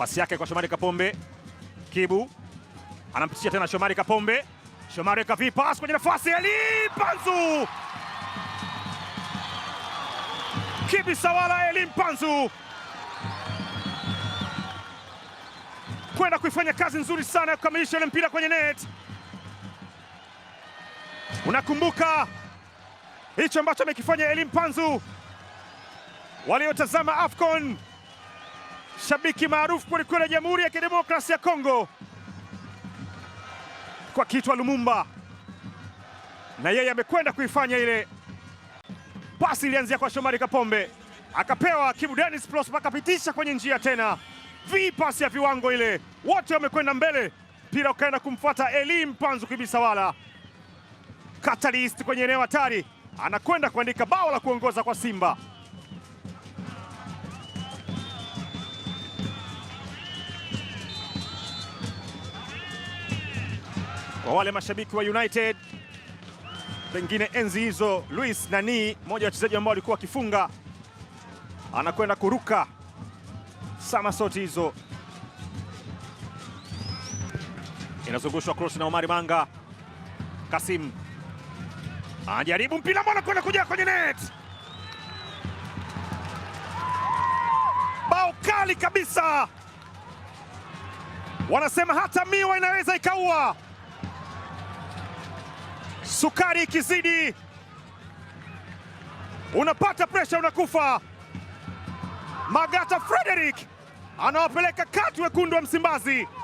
Pasi yake kwa Shomari Kapombe. Kibu anampitisha tena Shomari Kapombe. Shomari kavi pass kwenye nafasi Eli Mpanzu. Kibi Sawala Eli Mpanzu kwenda kuifanya kazi nzuri sana ya kukamilisha ile mpira kwenye net. Unakumbuka hicho ambacho amekifanya Eli Mpanzu waliotazama AFCON shabiki maarufu kwelikweli ya Jamhuri ya Kidemokrasia ya Kongo kwa kitwa Lumumba, na yeye amekwenda kuifanya ile pasi. Ilianzia kwa Shomari Kapombe, akapewa Kibu Dennis Plus, akapitisha kwenye njia tena, vii pasi ya viwango ile, wote wamekwenda mbele, mpira ukaenda kumfuata Eli Mpanzu Kibisawala, Catalyst kwenye eneo hatari, anakwenda kuandika bao la kuongoza kwa Simba. Kwa wale mashabiki wa United, pengine enzi hizo Luis Nani, mmoja wa wachezaji ambao alikuwa akifunga, anakwenda kuruka samasoti hizo, inazungushwa cross na Omari Manga. Kasim anajaribu mpira mbona kwenda kuja kwenye net. Bao kali kabisa, wanasema hata miwa inaweza ikaua sukari ikizidi, unapata presha, unakufa. Magata Frederick anawapeleka kati wekundu wa Msimbazi.